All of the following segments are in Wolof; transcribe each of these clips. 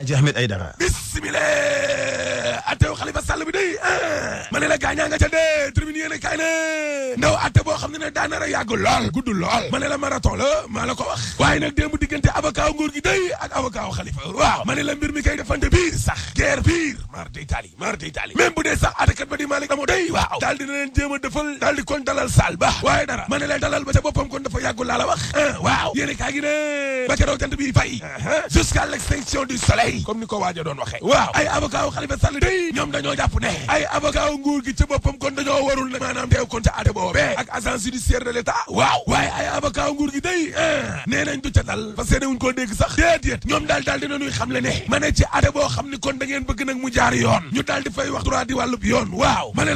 Aji Ahmed Aidara bismillah attew Khalifa Sall bi day eh. ma ne la gaañaa nga ca dee tribune yéen kaay ne ndaw atte boo xam ne ne daanara yàgg lool gudd lool ma ne la marathon la maa la ko wax waaye nag démb diggante avocat nguur gi day ak avocat wu Khalifa waaw ma ne la mbir mi kay defante biir sax guerre biir mar d'Italie mar d'Italie même bu dee sax day waaw daal dina leen a defal daal di kon dalal saal ba waaye dara ma ne leen dalal ba ca boppam kon dafa yàggul laa la wax ah, waaw yéene kaa gi ne ba ca raw jant bi fay jusqu'à l'extinction du soleil comme ni ko waajo doon waxee waaw ay avocat wu Khalifa Sall day ñoom dañoo jàpp ne ay avocat wu nguur gi ca boppam kon dañoo warul maanaam teew kon ca ate boobee ak agence judiciaire de l'État waaw waaye ay avocat nguur gi day ah. nee nañ du ca dal parce que wuñ koo dégg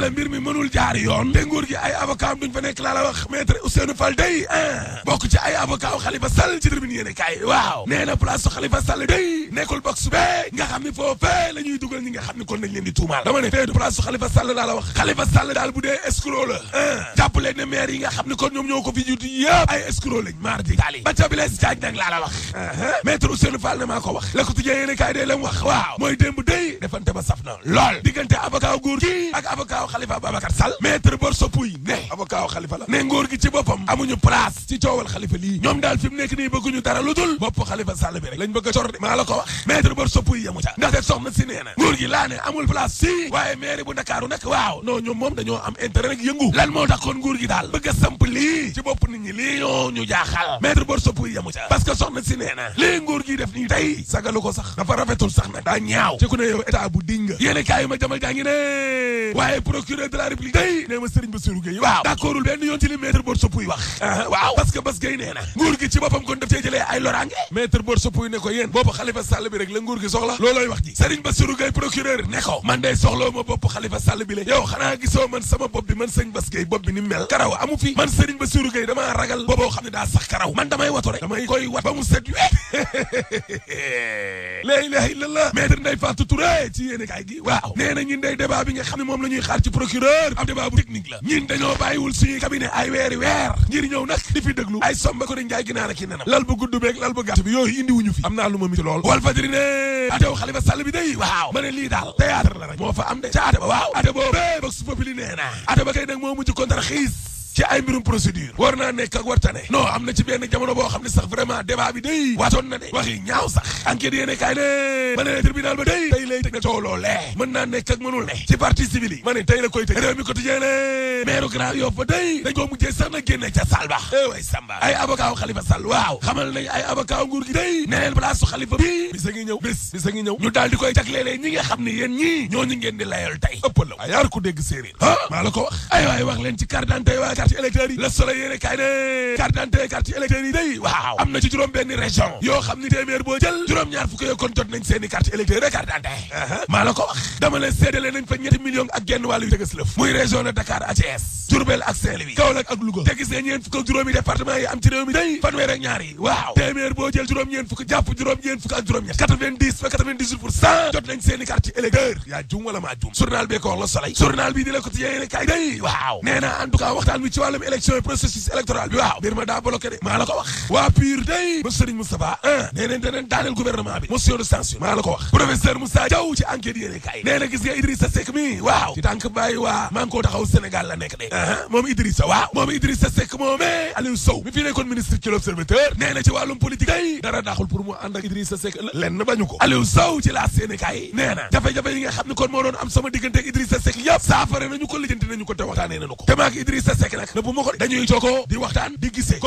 loola mbir mi mënul jaar yoon te nguur gi ay avocat am duñ fa nekk laa la wax maître Ousseynou Fall day bu dee escroc ah jàpp leen ne nga xam ni kon ñoom ñoo ko fi jiitu yëpp ay escroc lañ mardi daal ba ca bilees jaaj nag laa la wax maître Ousseynou Fall na maa wax la ko tijjee yéene kaay day lam wax waaw mooy démb day defante ba saf na lool diggante avocat góor gi ak avocat Khalifa Ababacar Sall maître Borso Pouy ne avocat wu Khalifa la ne ngóor gi ci boppam amuñu place ci coowal Khalifa lii ñoom daal fi mu nekk nii bëgguñu dara lu dul bopp Khalifa Sall lañ bëgg a cor de maa la ko wax maître Borso Pouy yamu ca ndaxte soxna si nee na gi laa ne amul si waaye maire bu Ndakaaru nag waaw non ñoom moom dañoo am intérêt yëngu lan moo tax nguur gi daal bëgg a ci bopp nit ñi lii ñu jaaxal maître Borso Pouy yamu ca parce que procureur de day nee ma Serigne Bassirou Gueye waaw d'accordul benn yoon ah, nguur gi ci boppam kon daf cee jëlee loraange maître Borso Pouy ne ko yéen boppu Khalifa Sall bi rek la gisoo man sama bopp man Serigne Bass Gueye ni mel karaw amu fi man Serigne Bassirou damaa ragal booboo xam ne daa sax karaw man damay watu rek damay koy wat ba mu set wet la ilaha illallah maître Ndeye Fatou ci yéene kaay gi waaw nee na day débat bi nga moom la ñuy xaar procureur ab débat bu technique la ñin dañoo bàyyiwul suñu cabinet ay weeri weer ngir ñëw nag di fi déglu ay somba ko dañ jaay ginaar ak i lal bu gudd beeg lal bu gàtt bi yooyu indi wuñu fi am naa lu ma miti lool wal fajri ne atew Xalifa Sall bi day waaw ma ne lii daal théâtre la rek moo fa am de ca ate ba waaw ate boobu box populi nee na ate ba kay moo mujj contre xiis ci ay mbirum procédure war naa nekk ak warta non am na ci benn jamono boo xam ne sax vraiment débat bi day waatoon na de waxi ñaaw sax enquête yéene kaay ne ma ne tribunal ba day tey lay tëj na coow loolee mën nekk ak mënul ne ci partie civile yi tey la koy tëj réew mi quotidien ne maire Grand ba day dañ koo mujjee sax na génne ca Sall ba eh way Samba ay avocat wu Khalifa Sall xamal nañ ay avocat wu nguur neel place su bi bisa ngi ñëw bis bisa ngi carte électeurs yi le soleil yéene kaay ne carte d'identité carte électeurs yi day waaw am na ci juróom benn région yoo xam ni téeméer boo jël juróom-ñaar fukk yoo kon jot nañ seeni carte électeurs rek carte maa la ko wax dama leen nañ fa ñetti millions ak genn wàllu tëgës lëf région de Dakar ak ak nga ñeen juróomi département yi am ci réew mi day ñaar yi waaw jël juróom ñeen jàpp juróom ñeen ak juróom 90 98 jot nañ carte électeur jum wala jum journal bi ko la Soleil journal bi di la day waaw en tout cas waxtaan ci élection processus électoral bi waaw la ko wax day Serigne Moustapha gouvernement bi motion de censure la ko wax professeur Moussa Diaw ci enquête gis nga Idrissa mi waaw tànk bàyyi waa maa ngi taxaw Sénégal la nekk de moom Idrissa waaw moom Idrissa Seck moomee Aliou Sow mi fi nekkoon ministre ci l'Observateur nee ci wàllum politique day dara daaxul pour mu ànd ak Idrissa Seck lenn bañu ko Aliou Sow ci laa Sénégal nee na jafe-jafe yi xam ne kon moo doon am sama diggante ak Idrissa Seck yëpp saafara nañu ko lijjanti nañu ko te waxtaanee nañu ko te maak Idrissa Seck nag na bu ma dañuy jokkoo di waxtaan di gisee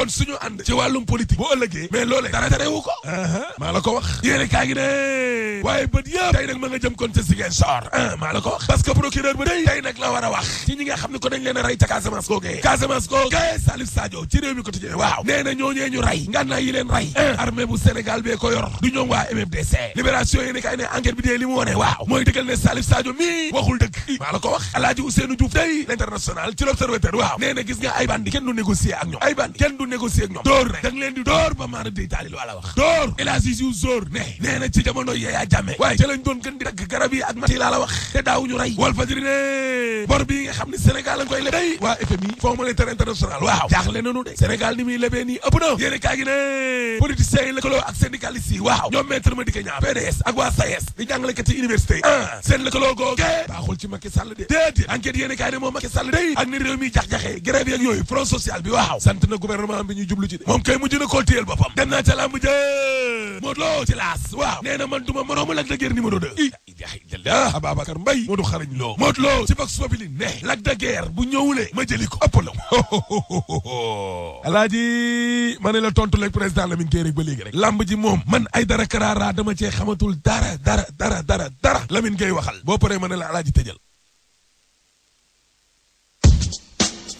waaye bët yëpp tey nag ma nga jëm kon ca Ziguinchor ah maa la wax parce que procureur ba day tey nag la war a wax ci ñi nga xam ne ko dañ leen a rey ca Casamance googee Casamance googee eh, Salif Sadio ci réew mi ko tijjee waaw nee na ñooñee ñu rey ngànnaay yi leen rey eh, armée bu Sénégal bee ko yor du ñoom waa MFDC libération yi ne kay ne enquête bi dee li mu waaw mooy dëggal ne Salif Sadio mii waxul dëgg maa la wax Alaaji Ousseynou Diouf day day taalil wala jàmme waaye ca lañ doon gën di dagg garab yi ak mati laa la wax te daawuñu rey wal fajri ne bor bi nga xam ne Sénégal lañ koy leb day waa FMI Fonds monétaire international waaw jaaxle nañu de Sénégal ni muy lebee nii ëpp na yéene kaa gi ne ak syndicalistes waaw ñoom maître Madické Niang PDS ak waa SAES e di jàngalekat yi université ah seen lëkkaloo googe baaxul ci Macky Sall de déedéet enquête yéene moom Macky Sall day ak ni réew mi jax-jaxee grève yeeg yooyu front social bi waaw sant na gouvernement bi ñuy jublu ci de moom kay mujj na moroomu Lac de Guiers numéro 2 i ilahilallah ah, Ababacar Mbaye Modou xarañ loo Modou Lo ci Vox Populi ne Lac de Guiers bu ñëwulee ma jëli ko ëppalaw alaaji ma ne la tontu la président Lamine Gueye rek ba léegi rek lamb ji moom man ay dara karaaraa dama cee xamatul dara dara dara dara dara Lamine Gueye waxal boo paree ma ne la alaaji tëjal